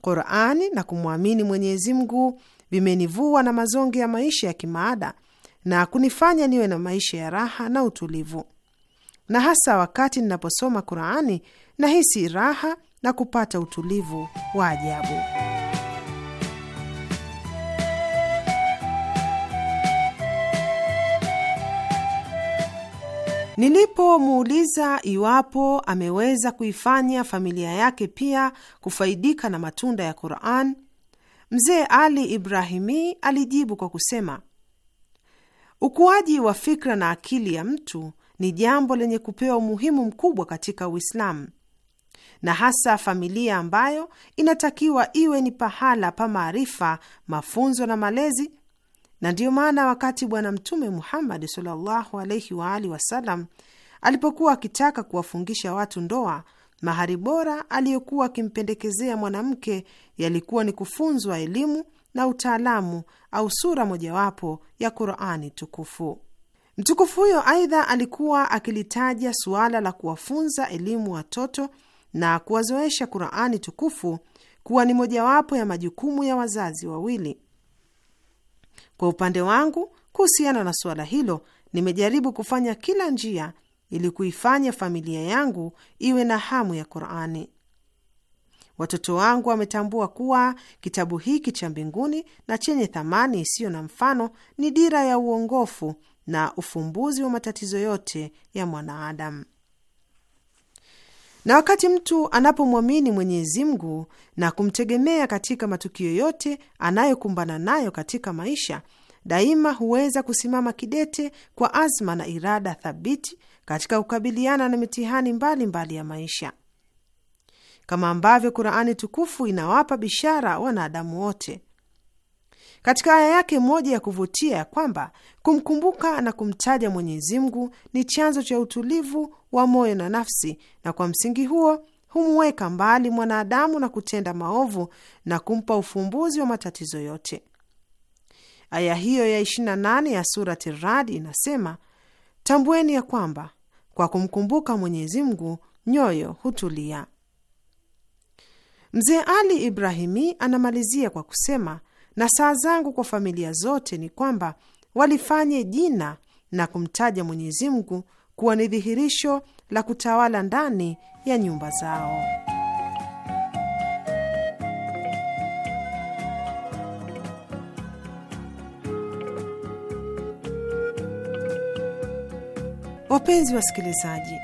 Qurani na kumwamini Mwenyezi Mungu vimenivua na mazonge ya maisha ya kimaada na kunifanya niwe na maisha ya raha na utulivu, na hasa wakati ninaposoma Qurani nahisi raha na kupata utulivu wa ajabu. Nilipomuuliza iwapo ameweza kuifanya familia yake pia kufaidika na matunda ya Quran, Mzee Ali Ibrahimi alijibu kwa kusema, ukuaji wa fikra na akili ya mtu ni jambo lenye kupewa umuhimu mkubwa katika Uislamu na hasa familia ambayo inatakiwa iwe ni pahala pa maarifa, mafunzo na malezi. Na ndiyo maana wakati Bwana Mtume Muhammad sallallahu alaihi waalihi wasallam alipokuwa akitaka kuwafungisha watu ndoa Mahari bora aliyokuwa akimpendekezea mwanamke yalikuwa ni kufunzwa elimu na utaalamu au sura mojawapo ya Qurani tukufu. Mtukufu huyo aidha alikuwa akilitaja suala la kuwafunza elimu watoto na kuwazoesha Qurani tukufu kuwa ni mojawapo ya majukumu ya wazazi wawili. Kwa upande wangu, kuhusiana na suala hilo, nimejaribu kufanya kila njia ili kuifanya familia yangu iwe na hamu ya Qurani. Watoto wangu wametambua kuwa kitabu hiki cha mbinguni na chenye thamani isiyo na mfano ni dira ya uongofu na ufumbuzi wa matatizo yote ya mwanaadamu. Na wakati mtu anapomwamini Mwenyezi Mungu na kumtegemea katika matukio yote anayokumbana nayo katika maisha, daima huweza kusimama kidete kwa azma na irada thabiti katika kukabiliana na mitihani mbalimbali mbali ya maisha, kama ambavyo Qurani tukufu inawapa bishara wanadamu wote katika aya yake moja ya kuvutia ya kwamba kumkumbuka na kumtaja Mwenyezi Mungu ni chanzo cha utulivu wa moyo na nafsi, na kwa msingi huo humweka mbali mwanadamu na kutenda maovu na kumpa ufumbuzi wa matatizo yote. Aya hiyo ya 28 ya surati Rad inasema, tambueni ya kwamba kwa kumkumbuka Mwenyezi Mungu nyoyo hutulia. Mzee Ali Ibrahimi anamalizia kwa kusema, na saa zangu kwa familia zote ni kwamba walifanye jina na kumtaja Mwenyezi Mungu kuwa ni dhihirisho la kutawala ndani ya nyumba zao. Wapenzi wasikilizaji,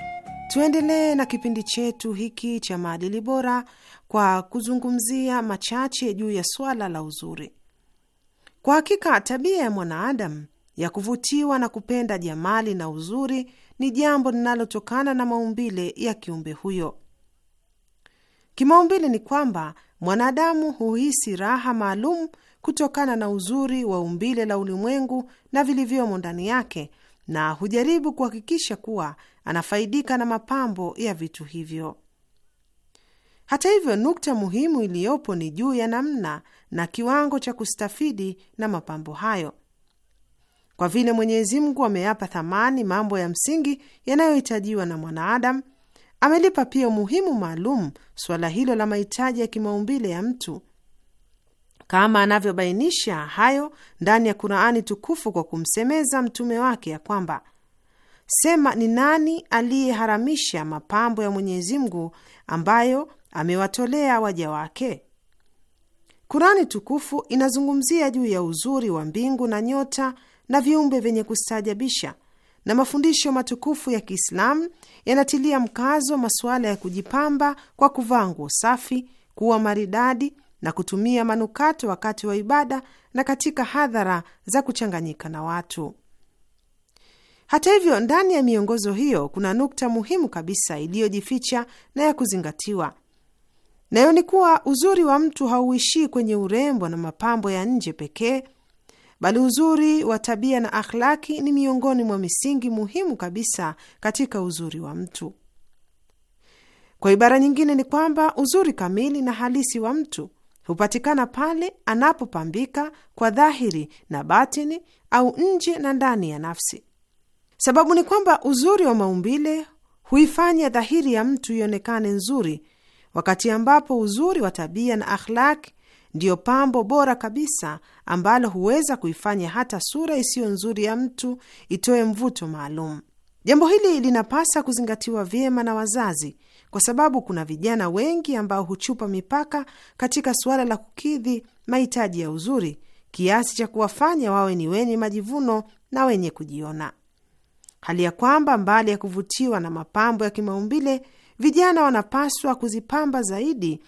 tuendelee na kipindi chetu hiki cha maadili bora kwa kuzungumzia machache juu ya swala la uzuri. Kwa hakika tabia ya mwanaadamu ya kuvutiwa na kupenda jamali na uzuri ni jambo linalotokana na maumbile ya kiumbe huyo. Kimaumbile ni kwamba mwanadamu huhisi raha maalum kutokana na uzuri wa umbile la ulimwengu na vilivyomo ndani yake, na hujaribu kuhakikisha kuwa anafaidika na mapambo ya vitu hivyo. Hata hivyo, nukta muhimu iliyopo ni juu ya namna na kiwango cha kustafidi na mapambo hayo. Kwa vile Mwenyezi Mungu ameyapa thamani mambo ya msingi yanayohitajiwa na mwanaadam amelipa pia umuhimu maalum suala hilo la mahitaji ya kimaumbile ya mtu kama anavyobainisha hayo ndani ya Qurani tukufu kwa kumsemeza mtume wake ya kwamba Sema, ni nani aliyeharamisha mapambo ya Mwenyezi Mungu ambayo amewatolea waja wake? Kurani tukufu inazungumzia juu ya uzuri wa mbingu na nyota na viumbe vyenye kustaajabisha, na mafundisho matukufu ya Kiislamu yanatilia mkazo masuala ya kujipamba kwa kuvaa nguo safi, kuwa maridadi na kutumia manukato wakati wa ibada na katika hadhara za kuchanganyika na watu. Hata hivyo, ndani ya miongozo hiyo kuna nukta muhimu kabisa iliyojificha na ya kuzingatiwa, nayo ni kuwa uzuri wa mtu hauishii kwenye urembo na mapambo ya nje pekee, bali uzuri wa tabia na akhlaki ni miongoni mwa misingi muhimu kabisa katika uzuri wa mtu. Kwa ibara nyingine, ni kwamba uzuri kamili na halisi wa mtu hupatikana pale anapopambika kwa dhahiri na batini au nje na ndani ya nafsi. Sababu ni kwamba uzuri wa maumbile huifanya dhahiri ya mtu ionekane nzuri, wakati ambapo uzuri wa tabia na akhlaki ndiyo pambo bora kabisa ambalo huweza kuifanya hata sura isiyo nzuri ya mtu itoe mvuto maalum. Jambo hili linapasa kuzingatiwa vyema na wazazi kwa sababu kuna vijana wengi ambao huchupa mipaka katika suala la kukidhi mahitaji ya uzuri kiasi cha kuwafanya wawe ni wenye majivuno na wenye kujiona, hali ya kwamba mbali ya kuvutiwa na mapambo ya kimaumbile, vijana wanapaswa kuzipamba zaidi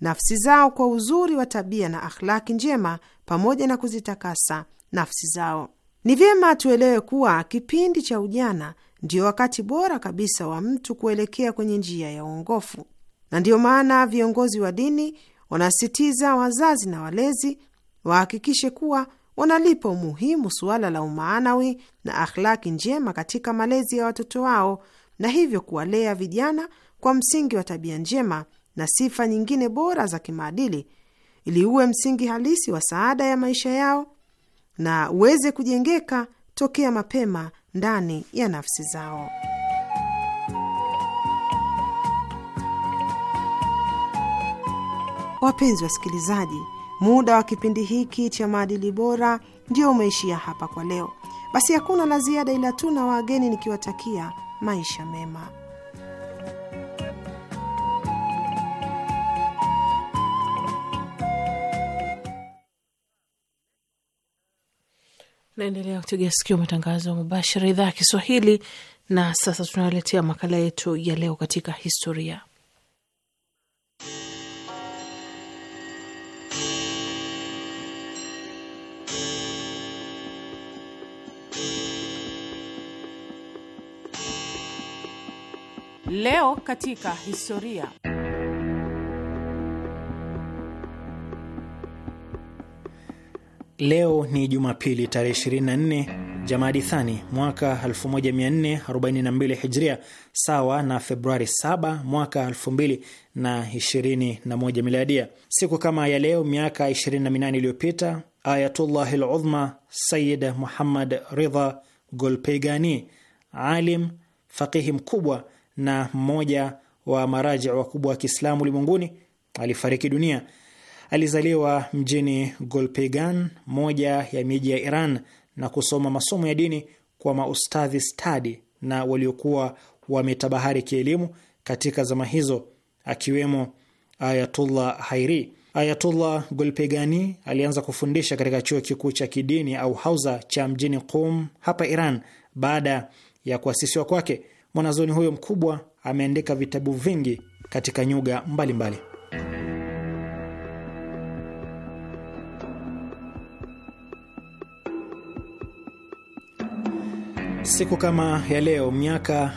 nafsi zao kwa uzuri wa tabia na akhlaki njema pamoja na kuzitakasa nafsi zao. Ni vyema tuelewe kuwa kipindi cha ujana ndio wakati bora kabisa wa mtu kuelekea kwenye njia ya uongofu, na ndiyo maana viongozi wa dini wanasisitiza wazazi na walezi wahakikishe kuwa wanalipa umuhimu suala la umaanawi na akhlaki njema katika malezi ya watoto wao, na hivyo kuwalea vijana kwa msingi wa tabia njema na sifa nyingine bora za kimaadili, ili uwe msingi halisi wa saada ya maisha yao na uweze kujengeka tokea mapema ndani ya nafsi zao. Wapenzi wasikilizaji, muda wa kipindi hiki cha maadili bora ndio umeishia hapa kwa leo. Basi hakuna la ziada, ila tu na wageni nikiwatakia maisha mema. Naendelea kutegea sikio matangazo mubashara idhaa ya Kiswahili. Na sasa tunawaletea makala yetu ya leo katika historia. Leo katika historia Leo ni Jumapili tarehe 24 Jamadi Thani mwaka 1442 Hijria, sawa na Februari 7 mwaka 2021 Miladia. Siku kama ya leo miaka 28 iliyopita Ayatullah ludhma Sayid Muhammad Ridha golpeigani alim faqihi mkubwa na mmoja wa maraji wakubwa wa Kiislamu ulimwenguni, alifariki dunia. Alizaliwa mjini Golpegan, moja ya miji ya Iran, na kusoma masomo ya dini kwa maustadhi stadi na waliokuwa wametabahari kielimu katika zama hizo, akiwemo Ayatullah Hairi. Ayatullah Golpegani alianza kufundisha katika chuo kikuu cha kidini au hauza cha mjini Qum hapa Iran baada ya kuasisiwa kwake. Mwanazoni huyo mkubwa ameandika vitabu vingi katika nyuga mbalimbali mbali. Siku kama ya leo miaka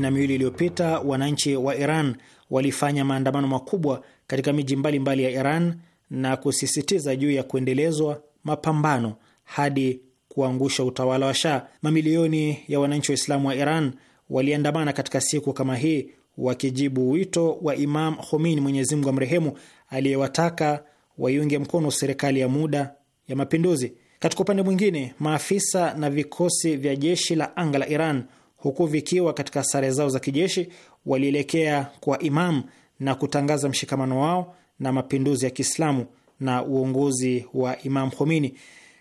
na miwili iliyopita wananchi wa Iran walifanya maandamano makubwa katika miji mbalimbali ya Iran na kusisitiza juu ya kuendelezwa mapambano hadi kuangusha utawala wa Shah. Mamilioni ya wananchi wa islamu wa Iran waliandamana katika siku kama hii wakijibu wito wa Imam Khomeini, Mwenyezi Mungu amrehemu, aliyewataka waiunge mkono serikali ya muda ya mapinduzi. Katika upande mwingine, maafisa na vikosi vya jeshi la anga la Iran, huku vikiwa katika sare zao za kijeshi, walielekea kwa Imam na kutangaza mshikamano wao na mapinduzi ya Kiislamu na uongozi wa Imam Khomeini.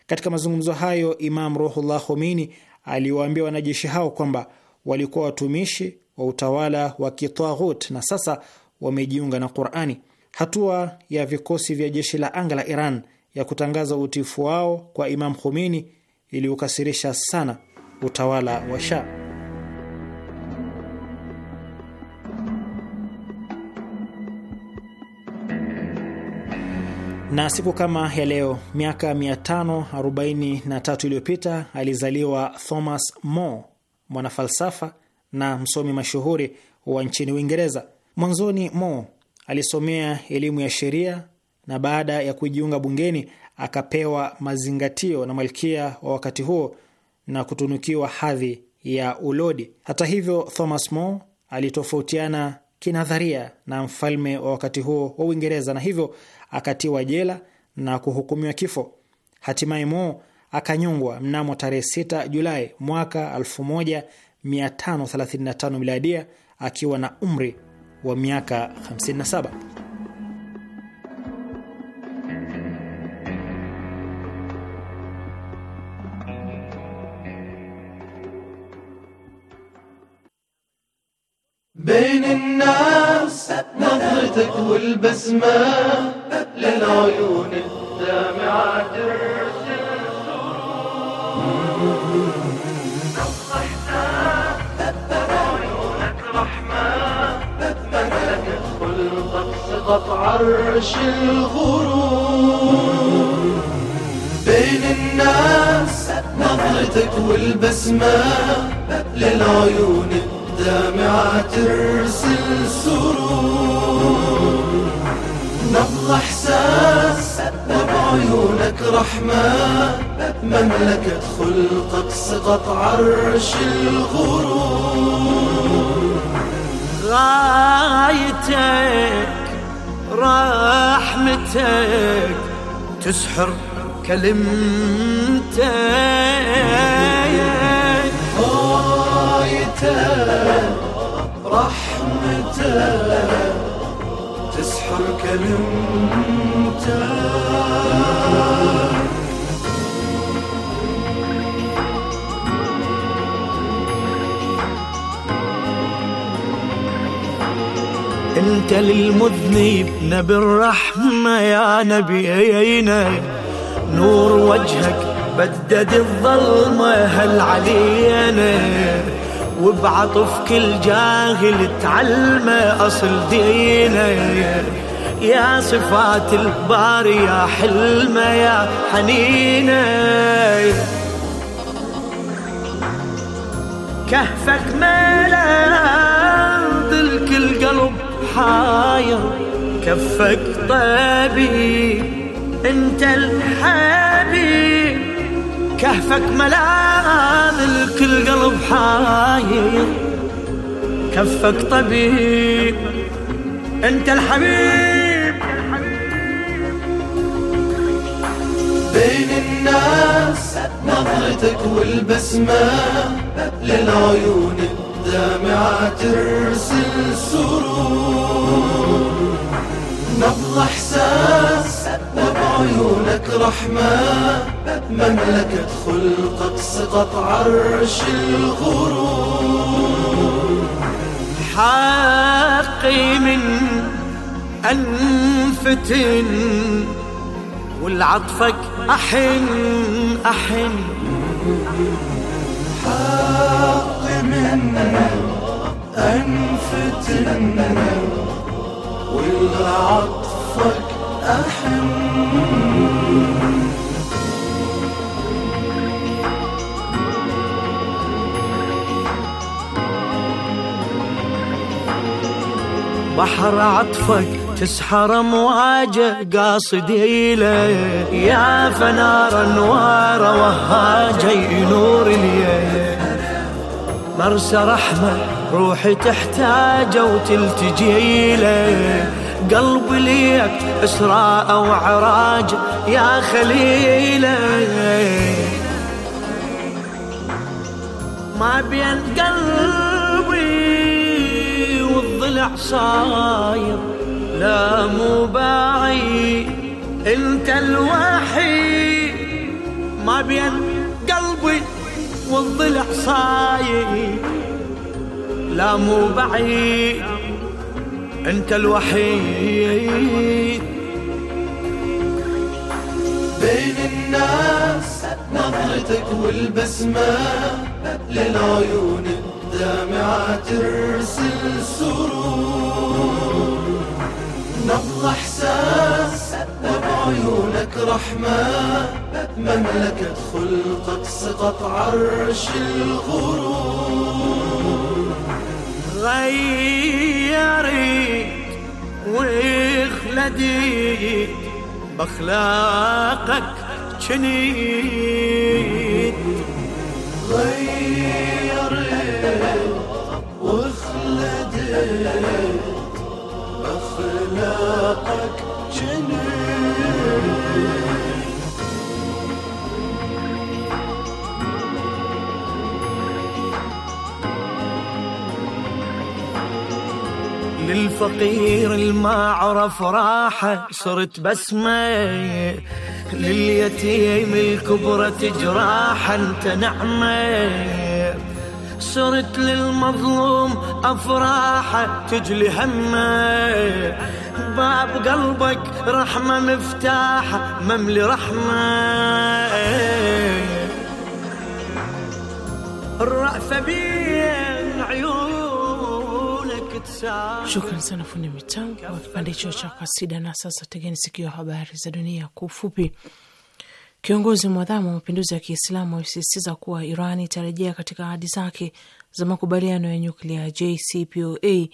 Katika mazungumzo hayo, Imam Ruhullah Khomeini aliwaambia wanajeshi hao kwamba walikuwa watumishi wa utawala wa kitaghut na sasa wamejiunga na Qur'ani. Hatua ya vikosi vya jeshi la anga la Iran ya kutangaza utiifu wao kwa Imam Khomeini iliukasirisha sana utawala wa Shah. na siku kama ya leo miaka 543 iliyopita alizaliwa Thomas More, mwanafalsafa na msomi mashuhuri wa nchini Uingereza. Mwanzoni, mo alisomea elimu ya sheria na baada ya kujiunga bungeni akapewa mazingatio na malkia wa wakati huo na kutunukiwa hadhi ya ulodi. Hata hivyo, Thomas More alitofautiana kinadharia na mfalme wa wakati huo wa Uingereza na hivyo akatiwa jela na kuhukumiwa kifo. Hatimaye More akanyongwa mnamo tarehe 6 Julai mwaka 1535 miladia akiwa na umri wa miaka 57. بين الناس نظرتك والبسمة للعيون الدامعة عرش الغروب بين الناس نظرتك والبسمة للعيون الدامعة دامعة ترسل سرور نبض إحساس بعيونك رحمة مملكة خلقك سقط عرش الغرور غايتك رحمتك تسحر كلمتك رحمته تسحر كلمته انت للمذنب نبي الرحمة يا اينا نور وجهك بدد الظلمة هل علينا وبعطف كل جاهل تعلمه أصل دينه يا صفات الباري يا حلمه يا حنينه كهفك ملان ظل كل قلب حاير كفك طبيب انت الحبيب كهفك ملاذ الكل قلب حاير كفك طبيب انت الحبيب بين الناس نظرتك والبسمة للعيون الدامعة ترسل سرور نبض احساس بعيونك رحمة مملكة خلقك سقط عرش الغرور حقي من أنفتن والعطفك أحن أحن حقي من أنفتن والعطفك بحر عطفك تسحر مواجه قاصدي له يا فنار انوار وهاجي نور اليه مرسى رحمه روحي تحتاجه وتلتجي له قلبي ليك إسراء وعراج يا خليلي ما بين قلبي والضلع صاير لا مو بعيد انت الوحيد ما بين قلبي والضلع صاير لا مو بعيد انت الوحيد بين الناس نظرتك والبسمة للعيون الدامعة ترسل سرور نبض احساس وبعيونك رحمة مملكة خلقك سقط عرش الغرور غيري وخلديت بخلاقك شنيد الفقير الما عرف راحة صرت بسمة لليتيم الكبرى تجراح انت نعمة صرت للمظلوم أفراحة تجلي همه باب قلبك رحمة مفتاحة مملي رحمة الرأفة بيه Shukran sana fundi mitangu wa kipande hicho cha kasida. Na sasa tegeni sikio, habari za dunia kwa ufupi. Kiongozi mwadhamu wa mapinduzi ya Kiislamu amesisitiza kuwa Iran itarejea katika ahadi zake za makubaliano ya nyuklia JCPOA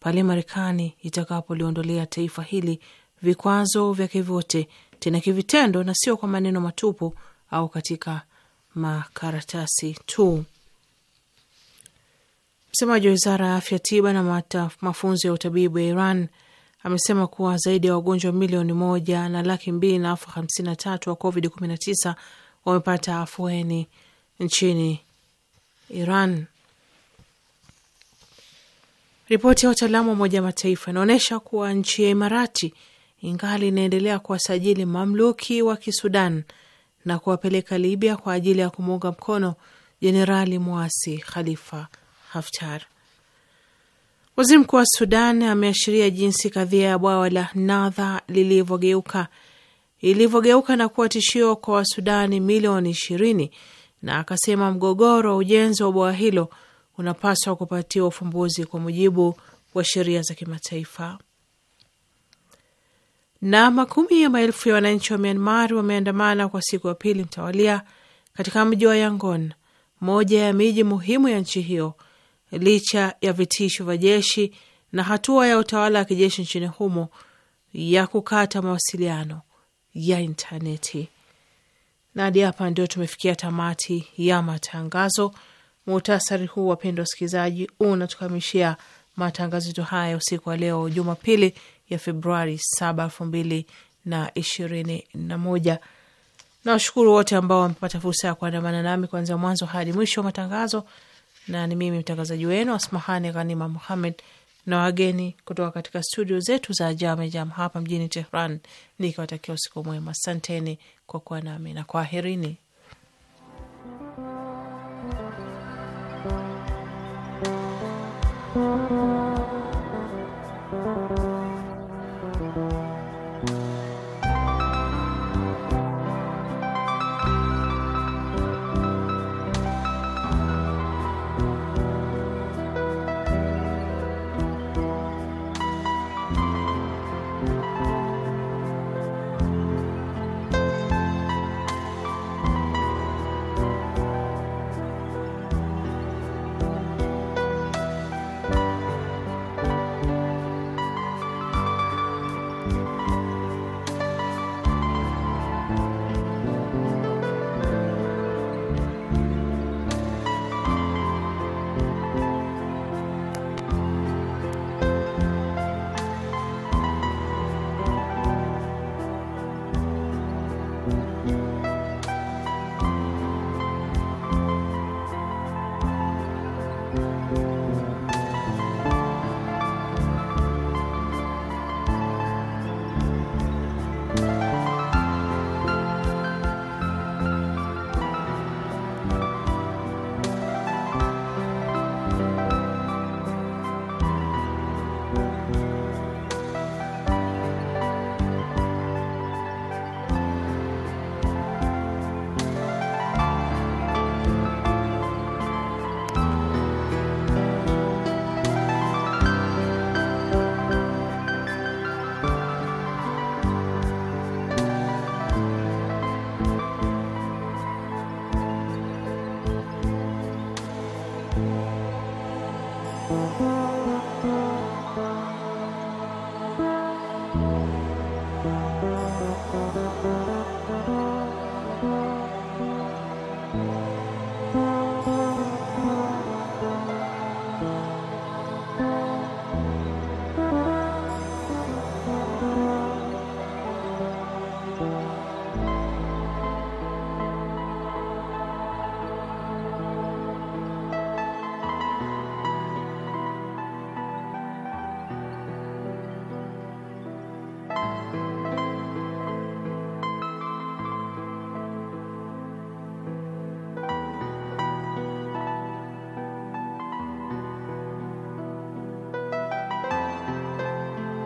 pale Marekani itakapoliondolea taifa hili vikwazo vyake vyote, tena kivitendo na sio kwa maneno matupu au katika makaratasi tu. Msemaji wa wizara ya afya, tiba na mafunzo ya utabibu ya Iran amesema kuwa zaidi ya wagonjwa milioni moja na laki mbili na elfu hamsini na tatu wa Covid 19 wamepata afueni nchini Iran. Ripoti ya wataalamu wa Umoja Mataifa inaonyesha kuwa nchi ya Imarati ingali inaendelea kuwasajili mamluki wa Kisudan na kuwapeleka Libya kwa ajili ya kumuunga mkono jenerali mwasi Khalifa Haftar. Waziri mkuu wa Sudan ameashiria jinsi kadhia ya bwawa la Nadha lilivyogeuka ilivyogeuka na kuwa tishio kwa Wasudani milioni ishirini, na akasema mgogoro wa ujenzi wa bwawa hilo unapaswa kupatiwa ufumbuzi kwa mujibu wa sheria za kimataifa. Na makumi ya maelfu ya wananchi wa Myanmar wameandamana kwa siku ya pili mtawalia katika mji wa Yangon, moja ya miji muhimu ya nchi hiyo licha ya vitisho vya jeshi na hatua ya utawala wa kijeshi nchini humo ya kukata mawasiliano ya intaneti. Na hadi hapa ndio tumefikia tamati ya matangazo. Muhtasari huu, wapendwa wasikilizaji, unatukamishia matangazo yetu haya usiku wa leo Jumapili ya Februari saba elfu mbili na ishirini na moja. Nawashukuru wote ambao wamepata fursa ya kuandamana nami kuanzia mwanzo hadi mwisho wa matangazo na ni mimi mtangazaji wenu Asmahani Ghanima Muhammed na wageni kutoka katika studio zetu za Jam hapa mjini Tehran, nikiwatakia usiku mwema. Asanteni kwa kuwa nami na kwaherini.